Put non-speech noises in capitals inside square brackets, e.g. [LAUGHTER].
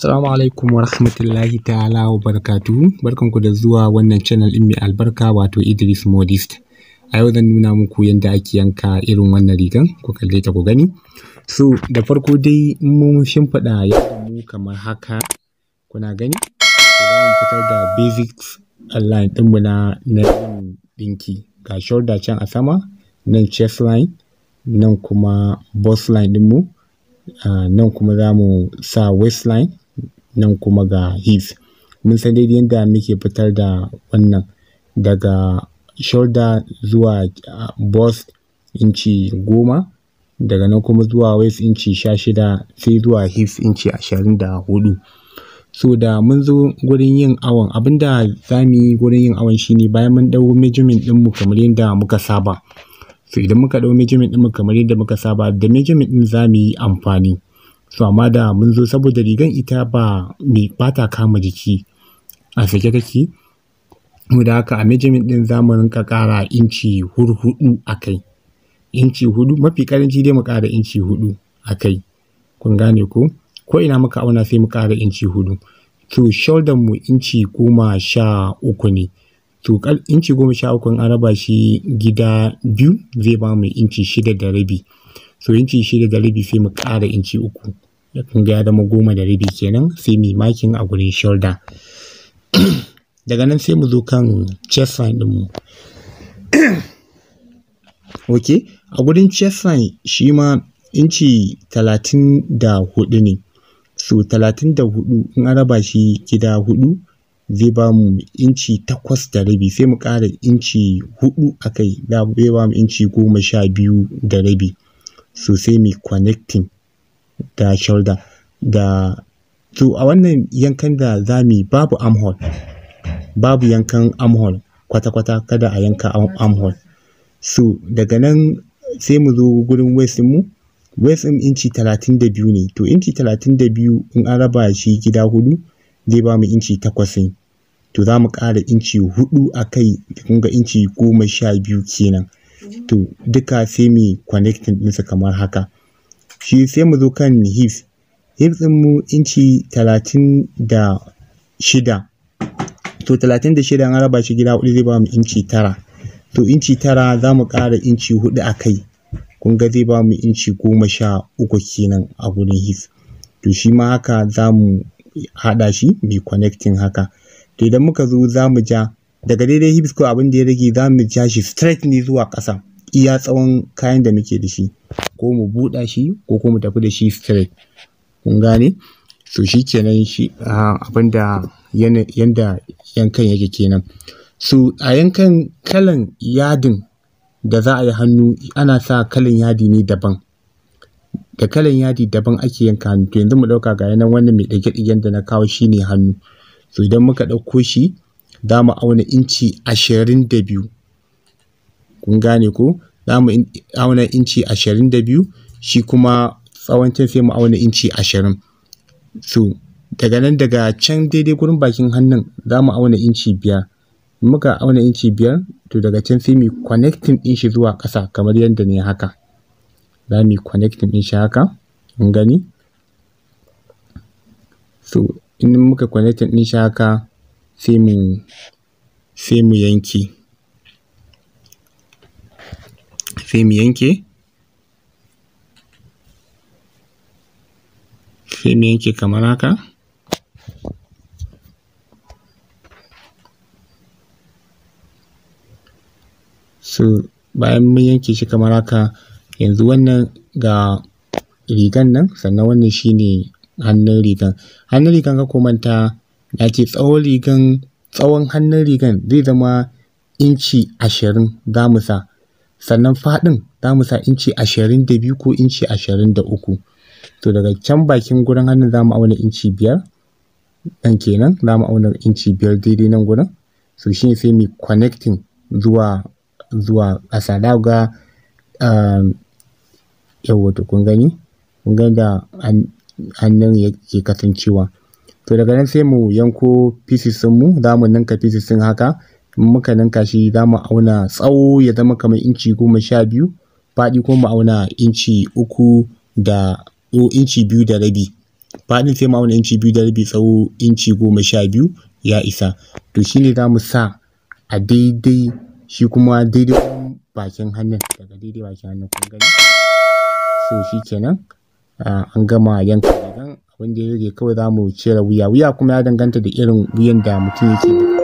Assalamu alaikum warahmatullahi ta'ala wa barakatu barkanku da zuwa wannan channel in mai albarka wato Idris Modist. A yau zan nuna muku yadda ake yanka irin wannan rigan ku kalle ta ku gani. So da farko dai mun shimfiɗa yadda mu kamar haka kuna gani. Za mu fitar da basics line ɗinmu na na yin ɗinki ga shoulder can a sama nan chest line nan kuma bust line ɗinmu. Uh, nan kuma za mu sa waistline nan kuma ga hips mun san daidai yadda muke fitar da wannan daga shoulder zuwa ah, bust inci goma daga nan kuma zuwa waist inci sha shida sai zuwa hips inci ashirin da hudu so da mun zo gurin yin awon abinda za mu yi gurin yin awon shine bayan mun ɗau measurement mu kamar yadda muka saba so idan muka ɗau measurement mu kamar yadda muka saba da measurement ɗin za mu yi amfani so amma da mun zo saboda rigan ita ba mai bata kama jiki a sake kake mu da haka a measurement din zamanin ka ƙara inci hudu a kai inci hudu mafi karanci dai mu kara inci hudu a kai kun gane ko ko ina muka auna sai mu kara inci hudu to shoulder mu inci goma sha uku ne to inci goma sha uku an raba shi gida biyu zai ba mu inci shida da rabi so inci shida da rabi sai mu ƙara inci uku kun ga ya zama goma da rabi kenan sai mu makin a gurin shoulder [CLEARS THROAT] daga nan sai mu zo kan chest line din mu [CLEARS THROAT] ok a gurin chest line shi ma inci talatin da hudu ne so talatin da hudu in an raba shi gida hudu zai ba mu inci takwas da rabi sai mu ƙara inci hudu a kai zai ba mu inci goma sha biyu da rabi sosai mai connecting da shoulder da to a wannan yankan da za mi babu armhole babu yankan armhole kwata-kwata kada a yanka armhole so daga nan sai mu zo gurin waist mu waist ɗin inci 32 ne to inci 32 in an raba shi gida hudu zai ba mu inci takwas? to za mu ƙara inci hudu a kai kunga inci goma sha biyu kenan to duka sai mu connecting ɗinsa kamar haka shi sai mu zo kan hips hips mu inci talatin da shida to talatin da shida an raba shi gida hudu zai ba mu inci tara to inci tara za mu ƙara inci hudu a kai kun ga zai ba mu inci goma sha uku kenan a gurin hips to shi ma haka za mu haɗa shi mai connecting haka to idan muka zo za mu ja daga daidai hips ko abin da ya rage za mu ja shi straight ne zuwa ƙasa iya tsawon kayan da muke da shi ko mu buɗa shi ko kuma mu tafi da shi straight kun gane so shi kenan shi abin da yanda yankan yake kenan so a yankan kalan yadin da za a yi hannu ana sa kalan yadi ne daban da kalan yadi daban ake yanka hannu to yanzu mu ɗauka ga yanan wannan mai ɗage ɗagen da na kawo shi ne hannu so idan muka ɗauko shi za mu auna inci ashirin da biyu kun gane ko za mu auna inci ashirin da biyu shi kuma tsawon sai mu auna inci ashirin so daga nan daga can daidai gurin bakin hannun za mu auna inci biyar muka auna inci biyar to daga can sai mu connecting din shi zuwa ƙasa kamar yadda ne haka za mu connecting din shi haka kun gani so in muka connecting din shi haka sai mu yanke kamar haka. So, bayan mun yanke shi kamar haka, yanzu wannan ga rigan nan, sannan wannan shi ne hannun rigan. Hannun rigan ka ko manta ya ce tsawon rigan tsawon hannun rigan zai zama inci ashirin za mu sa sannan faɗin za mu sa inci ashirin da biyu ko inci ashirin da uku to daga can bakin gurin hannun za mu auna inci biyar ɗan kenan za mu auna inci biyar daidai nan gurin so shi ne sai mu connecting zuwa zuwa ƙasa Da ga um, yawon to kun gani kun gani da hannun yake kasancewa to daga nan sai mu yanko pieces mu za mu ninka pieces sun haka in muka ninka shi za mu auna tsawo ya zama kamar inci goma sha biyu faɗi kuma mu auna inci uku da inci biyu da rabi faɗin sai mu auna inci biyu da rabi tsawo inci goma sha biyu ya isa to shi ne za mu sa a daidai shi kuma daidai bakin hannun daga daidai bakin hannun kun gani so kenan ah, an gama yanka wanda ya rage kawai za mu cire wuya wuya kuma ya danganta da irin wuyan da mutum yake da